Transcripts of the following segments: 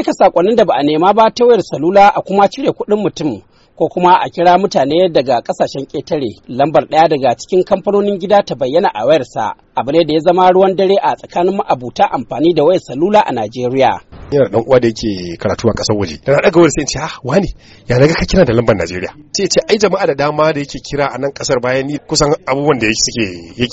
aika sakonnin da ba a nema ba ta wayar salula a kuma cire kuɗin mutum ko kuma a kira mutane daga kasashen ƙetare lambar ɗaya daga cikin kamfanonin gida ta bayyana a wayarsa abu ne da ya zama ruwan dare a tsakanin ma'abuta amfani da wayar salula a najeriya yana dan uwa da yake karatu a kasar waje da daga wani sai ce ah wani ya daga ka kira da lambar Najeriya sai ce ai jama'a da dama da yake kira a nan kasar bayan ni kusan abubuwan da suke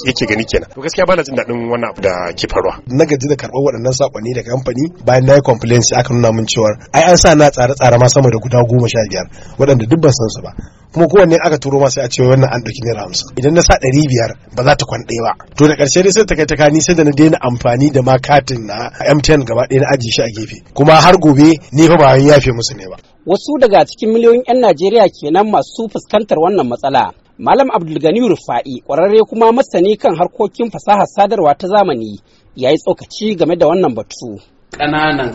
yake gani kenan to gaskiya bana jin daɗin wannan abu da ke faruwa na gaji da karɓar waɗannan sakonni daga kamfani bayan na yi complaints aka nuna min cewa ai an sa na tsare-tsare ma sama da guda goma sha biyar waɗanda dubban sansu san su ba kuma kowanne aka turo ma sai a ce wannan an ɗauki naira hamsin idan na sa ɗari biyar ba za ta kwan ba to da ƙarshe dai sai ta kai ta kani sai da na daina amfani da ma katin na mtn gaba ɗaya na ajiye shi a gefe kuma har gobe ne fa ba ya fi musu ne ba wasu daga cikin miliyoyin 'yan najeriya kenan masu fuskantar wannan matsala Malam Abdulgani Rufa'i kwararre kuma masani kan harkokin fasahar sadarwa ta zamani ya yi tsokaci game da wannan batu. Ƙananan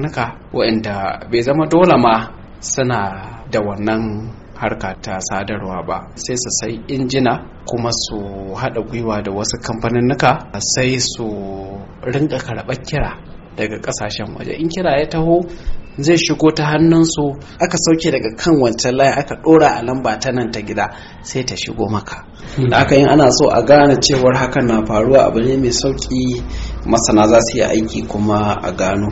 nuka wa'inda bai zama dole ma suna da wannan harka ta sadarwa ba sai su sai injina kuma su haɗa gwiwa da wasu kamfanin kamfaninnuka sai su rinka karɓar kira daga ƙasashen waje in kira ya taho zai shigo ta hannunsu aka sauke daga kan wancan layi aka ɗora a lamba ta nan ta gida sai ta shigo maka da aka yin ana so a gane cewar hakan na faruwa abu ne mai sauƙi masana za su yi aiki kuma a gano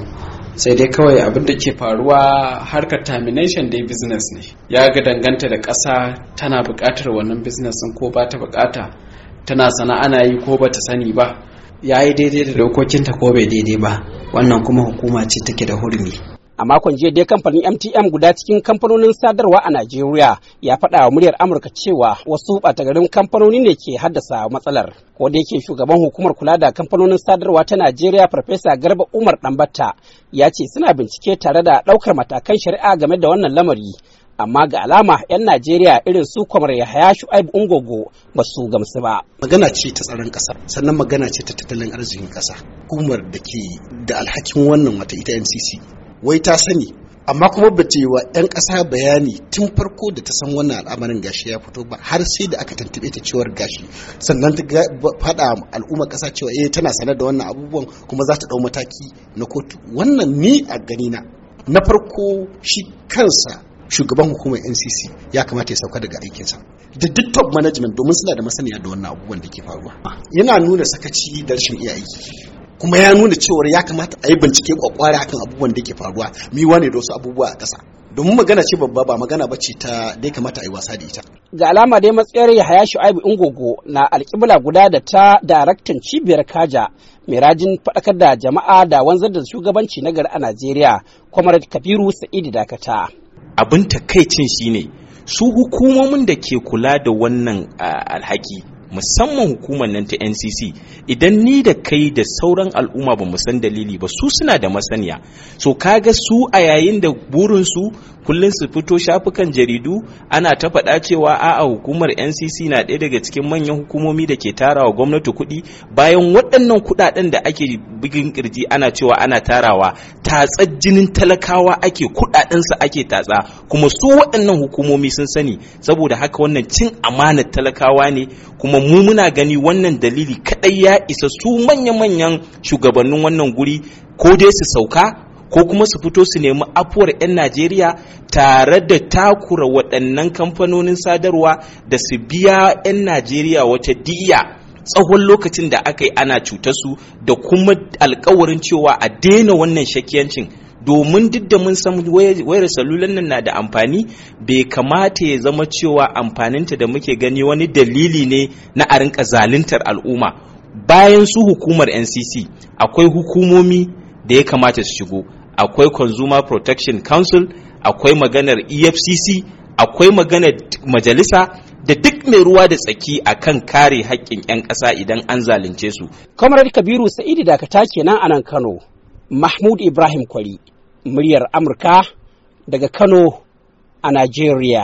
sai dai kawai abin da ke faruwa harkar termination dai business ne ya ga danganta da ƙasa tana buƙatar wannan business ko ba ta buƙata tana sana'a na yi ko ba ta sani ba ya yi daidai da dokokinta ko bai daidai ba wannan kuma hukuma ce take da hurmi a makon jiya dai kamfanin mtm guda cikin kamfanonin sadarwa a najeriya ya faɗa wa muryar amurka cewa wasu ɓatagarin kamfanoni ne ke haddasa matsalar ko da yake shugaban hukumar kula da kamfanonin sadarwa ta najeriya farfesa garba umar Ɗanbata ya ce suna bincike tare da ɗaukar matakan shari'a game da wannan lamari amma ga alama 'yan najeriya irin su kwamar yahaya shu'aib ungogo ba su gamsu ba magana ce ta tsaron kasa sannan magana ce ta tattalin arzikin kasa hukumar da ke da alhakin wannan wata ita mcc wai ta sani amma kuma ba ce wa 'yan ƙasa bayani tun farko da ta san wannan al'amarin gashi ya fito ba har sai da aka tantube ta cewar gashi sannan ta faɗa al'ummar ƙasa cewa eh tana sanar da wannan abubuwan kuma za ta ɗau mataki na kotu wannan ni a na na farko shi kansa shugaban hukumar ncc ya kamata ya sauka daga aikinsa da duk top management domin suna da masaniya da wannan abubuwan da ke faruwa yana nuna sakaci da rashin iya aiki kuma ya nuna cewar ya kamata a yi bincike kwakwari akan abubuwan da ke faruwa mi ne da wasu abubuwa a ƙasa domin magana ce babba ba magana ba ce ta da kamata a yi wasa da ita ga alama dai matsayar yahaya shu'aibu ingogo na alƙibla guda da ta daraktan cibiyar kaja mai rajin faɗakar da jama'a da wanzar da shugabanci na gari a najeriya kwamar kabiru sa'idu dakata abin takaicin shine su hukumomin da ke kula da wannan alhaki musamman hukumar nan ta ncc idan ni da kai da sauran al'umma ba san dalili ba su suna da masaniya so kaga su a yayin da burinsu kullum su fito shafukan jaridu ana ta faɗa cewa a'a hukumar ncc na ɗaya daga cikin manyan hukumomi da ke tarawa gwamnati kuɗi bayan waɗannan kuɗaɗen da ake bigin kirji ana cewa ana tarawa tatsar jinin talakawa ake kuɗaɗensa ake tatsa kuma su waɗannan hukumomi sun sani saboda haka wannan cin amanar talakawa ne kuma mu muna gani wannan dalili kadai ya isa su manya-manyan shugabannin wannan guri ko dai su sauka ko kuma su fito su nemi afuwar 'yan najeriya tare da takura waɗannan kamfanonin sadarwa da su biya 'yan najeriya wata diya tsawon lokacin da aka yi ana cutar su da kuma alkawarin cewa a daina wannan shakiyancin domin duk da mun san wayar salulan nan na da amfani bai kamata ya zama cewa amfaninta da muke gani wani dalili ne na a rinka zaluntar al'umma bayan su hukumar ncc akwai hukumomi da ya kamata su shigo akwai consumer protection council akwai maganar efcc akwai maganar majalisa da duk mai ruwa da tsaki a kan kare haƙƙin 'yan ƙasa idan an zalunce su. Kamar Kabiru Sa'idu Dakata kenan a nan Kano. Mahmud Ibrahim Kwari, muryar Amurka daga Kano a Najeriya.